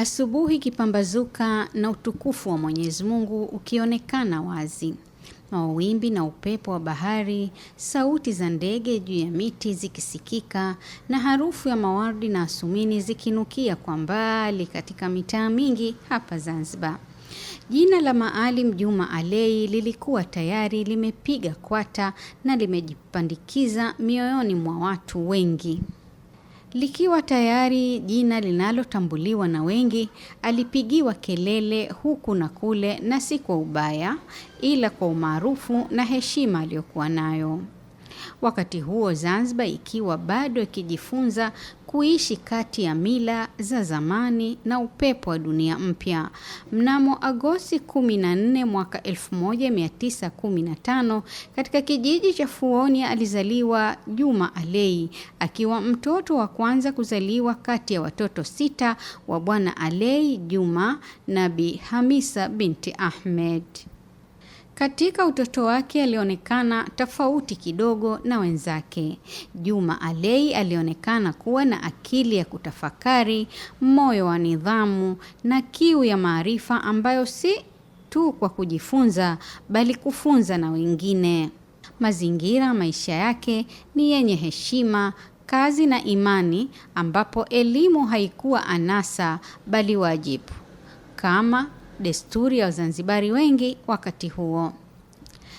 Asubuhi kipambazuka na utukufu wa Mwenyezi Mungu ukionekana wazi, mawimbi na upepo wa bahari, sauti za ndege juu ya miti zikisikika, na harufu ya mawardi na asumini zikinukia kwa mbali katika mitaa mingi hapa Zanzibar. Jina la Maalim Juma Alei lilikuwa tayari limepiga kwata na limejipandikiza mioyoni mwa watu wengi. Likiwa tayari jina linalotambuliwa na wengi, alipigiwa kelele huku na kule, na si kwa ubaya, ila kwa umaarufu na heshima aliyokuwa nayo wakati huo Zanzibar ikiwa bado ikijifunza kuishi kati ya mila za zamani na upepo wa dunia mpya. Mnamo Agosti 14 mwaka 1915 katika kijiji cha Fuoni alizaliwa Juma Alei akiwa mtoto wa kwanza kuzaliwa kati ya watoto sita wa Bwana Alei Juma na Bi Hamisa binti Ahmed. Katika utoto wake alionekana tofauti kidogo na wenzake. Juma alei alionekana kuwa na akili ya kutafakari, moyo wa nidhamu na kiu ya maarifa ambayo si tu kwa kujifunza bali kufunza na wengine. Mazingira maisha yake ni yenye heshima, kazi na imani ambapo elimu haikuwa anasa bali wajibu. Kama desturi ya Wazanzibari wengi wakati huo.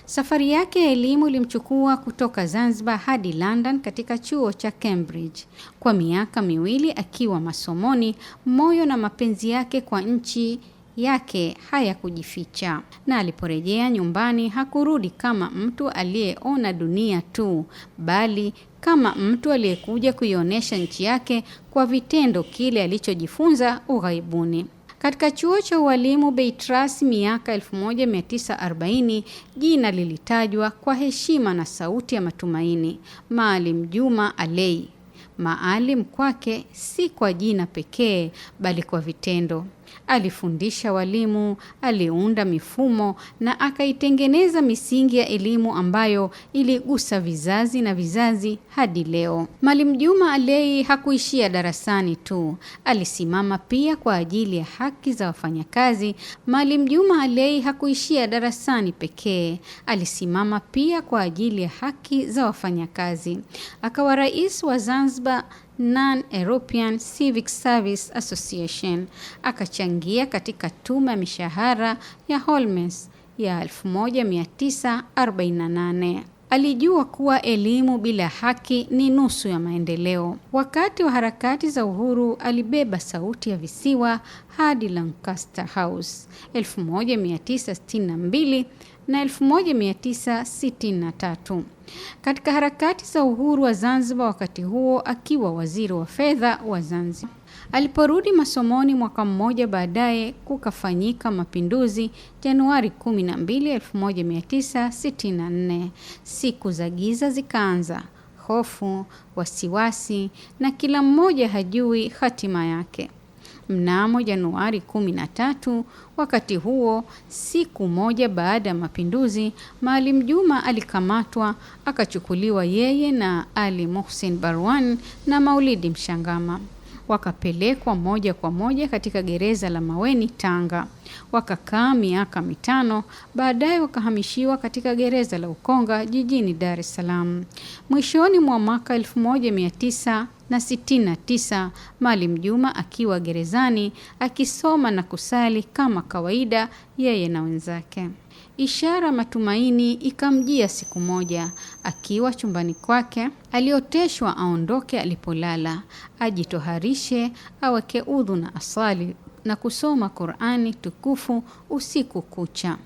Safari yake ya elimu ilimchukua kutoka Zanzibar hadi London katika chuo cha Cambridge. Kwa miaka miwili akiwa masomoni, moyo na mapenzi yake kwa nchi yake hayakujificha, na aliporejea nyumbani hakurudi kama mtu aliyeona dunia tu, bali kama mtu aliyekuja kuionyesha nchi yake kwa vitendo kile alichojifunza ughaibuni. Katika chuo cha ualimu Beitras miaka 1940 jina lilitajwa kwa heshima na sauti ya matumaini, Maalim Juma Alei. Maalim kwake si kwa jina pekee, bali kwa vitendo alifundisha walimu, aliunda mifumo na akaitengeneza misingi ya elimu ambayo iligusa vizazi na vizazi hadi leo. Mwalimu Juma Alei hakuishia darasani tu, alisimama pia kwa ajili ya haki za wafanyakazi. Mwalimu Juma Alei hakuishia darasani pekee, alisimama pia kwa ajili ya haki za wafanyakazi. Akawa rais wa Zanzibar Non-European Civic Service Association. Akachangia katika tume ya mishahara ya Holmes ya 1948. Alijua kuwa elimu bila haki ni nusu ya maendeleo. Wakati wa harakati za uhuru alibeba sauti ya visiwa hadi Lancaster House 1962 na 1963. Katika harakati za uhuru wa Zanzibar wakati huo akiwa waziri wa fedha wa Zanzibar. Aliporudi masomoni mwaka mmoja baadaye kukafanyika mapinduzi Januari 12, 1964. Siku za giza zikaanza, hofu, wasiwasi na kila mmoja hajui hatima yake mnamo Januari 13. Wakati huo, siku moja baada ya mapinduzi, Maalim Juma alikamatwa akachukuliwa yeye na Ali Muhsin Barwan na Maulidi Mshangama wakapelekwa moja kwa moja katika gereza la Maweni Tanga, wakakaa miaka mitano. Baadaye wakahamishiwa katika gereza la Ukonga jijini Dar es Salaam. Mwishoni mwa mwaka 19 na tisa Maalim Juma akiwa gerezani akisoma na kusali kama kawaida yeye na wenzake. Ishara matumaini ikamjia siku moja akiwa chumbani kwake alioteshwa aondoke alipolala, ajitoharishe, aweke udhu na asali na kusoma Qur'ani tukufu usiku kucha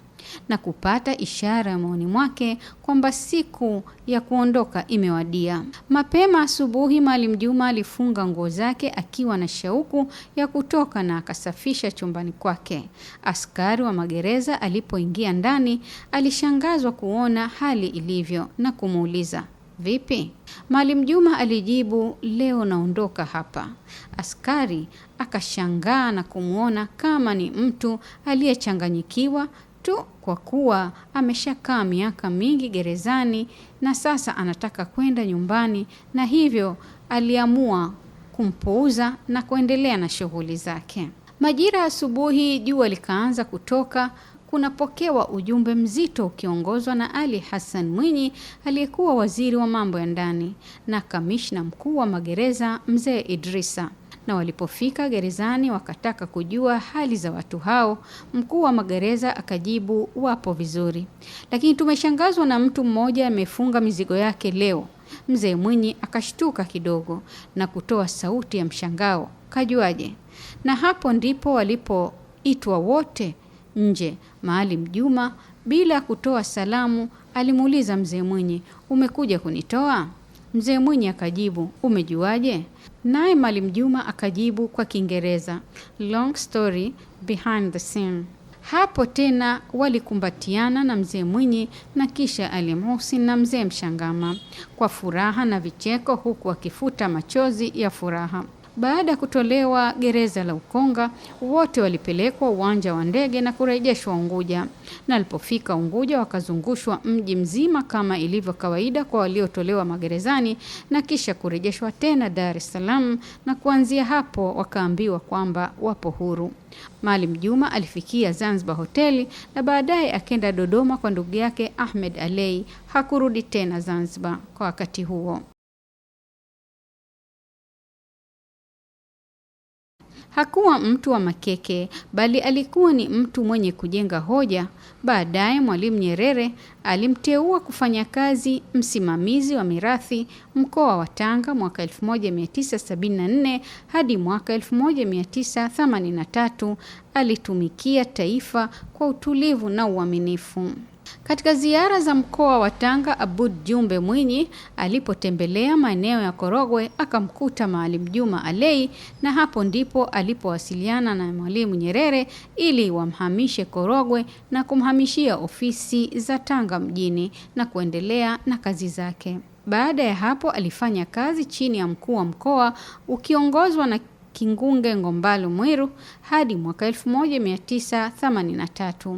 na kupata ishara ya maoni mwake kwamba siku ya kuondoka imewadia. Mapema asubuhi, Maalim Juma alifunga nguo zake akiwa na shauku ya kutoka na akasafisha chumbani kwake. Askari wa magereza alipoingia ndani, alishangazwa kuona hali ilivyo na kumuuliza Vipi? Maalim Juma alijibu, leo naondoka hapa. Askari akashangaa na kumwona kama ni mtu aliyechanganyikiwa tu kwa kuwa ameshakaa miaka mingi gerezani na sasa anataka kwenda nyumbani, na hivyo aliamua kumpuuza na kuendelea na shughuli zake. Majira asubuhi, jua likaanza kutoka kunapokewa ujumbe mzito ukiongozwa na Ali Hassan Mwinyi aliyekuwa waziri wa mambo ya ndani na kamishna mkuu wa magereza Mzee Idrisa na walipofika gerezani wakataka kujua hali za watu hao, mkuu wa magereza akajibu wapo vizuri, lakini tumeshangazwa na mtu mmoja amefunga mizigo yake leo. Mzee Mwinyi akashtuka kidogo na kutoa sauti ya mshangao, kajuaje? Na hapo ndipo walipoitwa wote nje. Maalim Juma bila kutoa salamu alimuuliza mzee Mwinyi, umekuja kunitoa? Mzee Mwinyi akajibu, umejuaje? Naye Mwalimu Juma akajibu kwa Kiingereza, long story behind the scene. Hapo tena walikumbatiana na mzee Mwinyi na kisha alimhusi na mzee Mshangama kwa furaha na vicheko, huku akifuta machozi ya furaha. Baada ya kutolewa gereza la Ukonga, wote walipelekwa uwanja wa ndege na kurejeshwa Unguja, na alipofika Unguja wakazungushwa mji mzima kama ilivyo kawaida kwa waliotolewa magerezani na kisha kurejeshwa tena Dar es Salaam, na kuanzia hapo wakaambiwa kwamba wapo huru. Maalim Juma alifikia Zanzibar hoteli na baadaye akenda Dodoma kwa ndugu yake Ahmed Alei. Hakurudi tena Zanzibar kwa wakati huo. Hakuwa mtu wa makeke, bali alikuwa ni mtu mwenye kujenga hoja. Baadaye Mwalimu Nyerere alimteua kufanya kazi msimamizi wa mirathi mkoa wa Tanga mwaka 1974 hadi mwaka 1983. Alitumikia taifa kwa utulivu na uaminifu. Katika ziara za mkoa wa Tanga, abud Jumbe Mwinyi alipotembelea maeneo ya Korogwe akamkuta Maalim Juma Alei, na hapo ndipo alipowasiliana na Mwalimu Nyerere ili wamhamishe Korogwe na kumhamishia ofisi za Tanga mjini na kuendelea na kazi zake. Baada ya hapo alifanya kazi chini ya mkuu wa mkoa ukiongozwa na Kingunge Ngombalu Mwiru hadi mwaka 1983.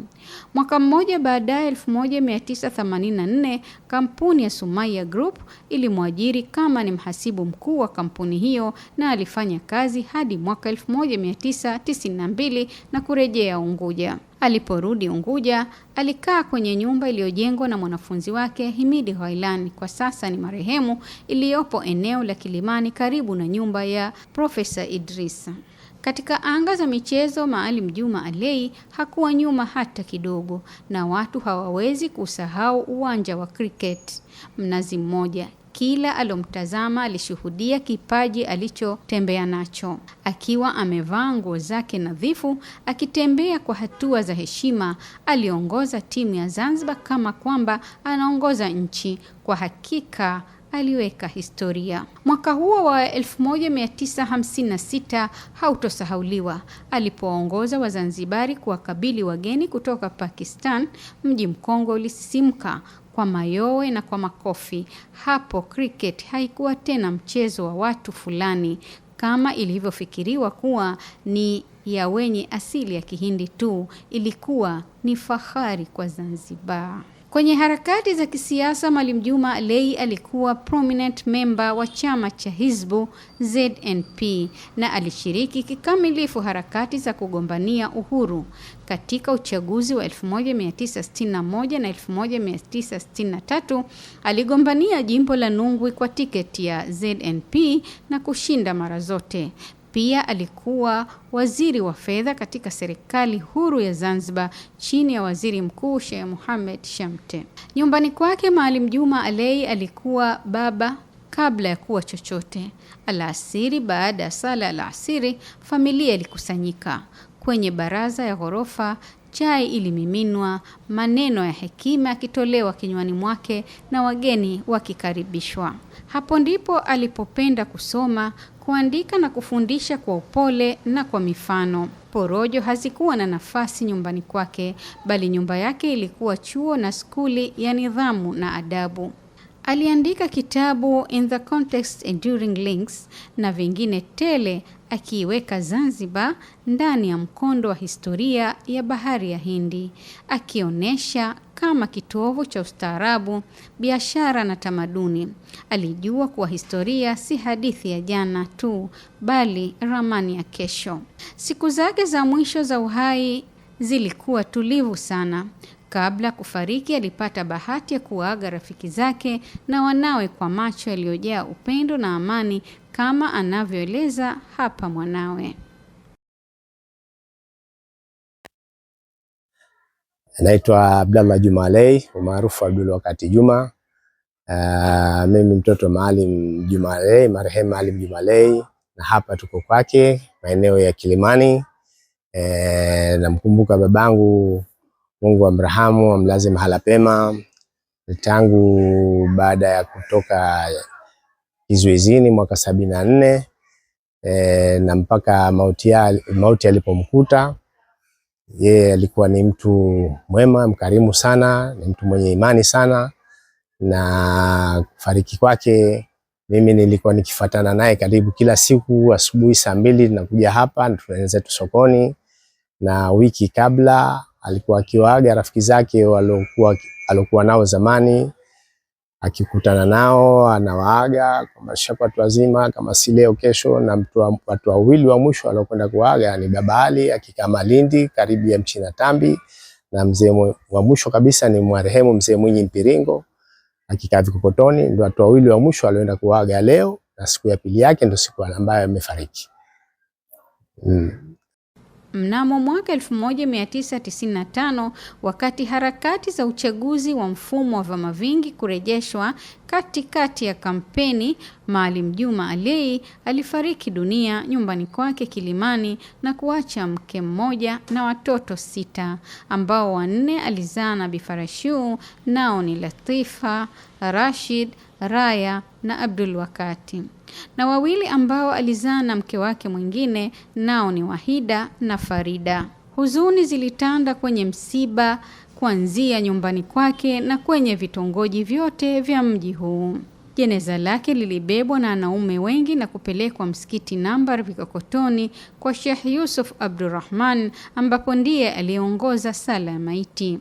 Mwaka mmoja baadaye 1984, kampuni ya Sumaya Group ilimwajiri kama ni mhasibu mkuu wa kampuni hiyo na alifanya kazi hadi mwaka 1992 na kurejea Unguja. Aliporudi Unguja, alikaa kwenye nyumba iliyojengwa na mwanafunzi wake Himidi Ghailani, kwa sasa ni marehemu, iliyopo eneo la Kilimani karibu na nyumba ya Profesa Idrisa. Katika anga za michezo, Maalim Juma Alei hakuwa nyuma hata kidogo, na watu hawawezi kusahau uwanja wa cricket Mnazi Mmoja, kila alomtazama alishuhudia kipaji alichotembea nacho, akiwa amevaa nguo zake nadhifu, akitembea kwa hatua za heshima. Aliongoza timu ya Zanzibar kama kwamba anaongoza nchi. Kwa hakika aliweka historia. Mwaka huo wa 1956 hautosahauliwa, alipoongoza Wazanzibari kuwakabili wageni kutoka Pakistan. Mji mkongwe ulisisimka kwa mayowe na kwa makofi. Hapo cricket haikuwa tena mchezo wa watu fulani kama ilivyofikiriwa kuwa ni ya wenye asili ya Kihindi tu ilikuwa ni fahari kwa Zanzibar. Kwenye harakati za kisiasa, Mwalimu Juma Lei alikuwa prominent member wa chama cha Hizbu ZNP na alishiriki kikamilifu harakati za kugombania uhuru katika uchaguzi wa 1961 na 1963. Aligombania jimbo la Nungwi kwa tiketi ya ZNP na kushinda mara zote. Pia alikuwa waziri wa fedha katika serikali huru ya Zanzibar chini ya waziri mkuu Sheikh Mohamed Shamte. Nyumbani kwake Maalim Juma Alei alikuwa baba kabla ya kuwa chochote. Alasiri, baada ya sala alasiri, familia ilikusanyika kwenye baraza ya ghorofa chai ilimiminwa, maneno ya hekima yakitolewa kinywani mwake na wageni wakikaribishwa. Hapo ndipo alipopenda kusoma, kuandika na kufundisha kwa upole na kwa mifano. Porojo hazikuwa na nafasi nyumbani kwake, bali nyumba yake ilikuwa chuo na skuli ya nidhamu na adabu. Aliandika kitabu In the Context Enduring Links na vingine tele akiiweka Zanzibar ndani ya mkondo wa historia ya Bahari ya Hindi, akionyesha kama kitovu cha ustaarabu, biashara na tamaduni. Alijua kuwa historia si hadithi ya jana tu, bali ramani ya kesho. Siku zake za mwisho za uhai zilikuwa tulivu sana. Kabla kufariki alipata bahati ya kuaga rafiki zake na wanawe kwa macho yaliyojaa upendo na amani kama anavyoeleza hapa mwanawe. Anaitwa Abdallah Juma Alei umaarufu Abdul Wakati Juma. Uh, mimi mtoto Maalim Juma Alei, marehemu Maalim Juma Alei, na hapa tuko kwake maeneo ya Kilimani. Eh, namkumbuka babangu Mungu abrahamu amlaze mahala pema. Tangu baada ya kutoka kizuizini mwaka sabini na nne e, na mpaka mauti mauti alipomkuta yeye, alikuwa ni mtu mwema mkarimu sana, ni mtu mwenye imani sana, na kufariki kwake mimi nilikuwa nikifuatana naye karibu kila siku. Asubuhi saa mbili tunakuja hapa, tunaenda zetu sokoni, na wiki kabla alikuwa akiwaaga rafiki zake waliokuwa aliokuwa nao zamani, akikutana nao anawaaga kwamba shapa watu wazima, kama si leo kesho. Na mtu wa, watu wawili wa mwisho aliokwenda kuaga ni Baba Ali akikaa Malindi karibu ya Mchina Tambi, na mzee wa mwisho kabisa ni marehemu mzee Mwinyi Mpiringo akikaa Vikokotoni. Ndio watu wawili wa mwisho alioenda kuaga leo, na siku ya pili yake ndio siku ambayo amefariki. mm mnamo mwaka 1995 wakati harakati za uchaguzi wa mfumo wa vyama vingi kurejeshwa katikati ya kampeni, Maalim Juma Alei alifariki dunia nyumbani kwake Kilimani na kuacha mke mmoja na watoto sita ambao wanne alizaa na Bifarashu, nao ni Latifa, Rashid, Raya na Abdul Wakati na wawili ambao alizaa na mke wake mwingine nao ni Wahida na Farida. Huzuni zilitanda kwenye msiba kuanzia nyumbani kwake na kwenye vitongoji vyote vya mji huu. Jeneza lake lilibebwa na wanaume wengi na kupelekwa msikiti Nambar Vikokotoni kwa Sheikh Yusuf Abdurrahman ambapo ndiye aliyeongoza sala ya maiti.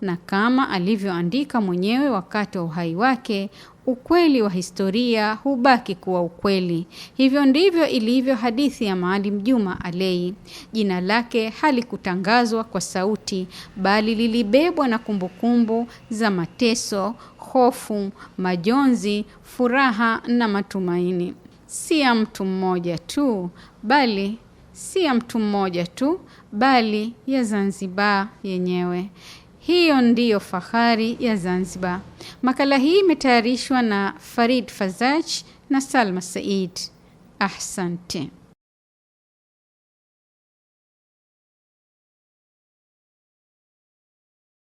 Na kama alivyoandika mwenyewe wakati wa uhai wake, ukweli wa historia hubaki kuwa ukweli. Hivyo ndivyo ilivyo hadithi ya Maalim Juma Alei. Jina lake halikutangazwa kwa sauti, bali lilibebwa na kumbukumbu za mateso, hofu, majonzi, furaha na matumaini, si ya mtu mmoja tu, bali si ya mtu mmoja tu, bali ya Zanzibar yenyewe. Hiyo ndiyo fahari ya Zanzibar. Makala hii imetayarishwa na Farid Fazaj na Salma Said. Ahsante.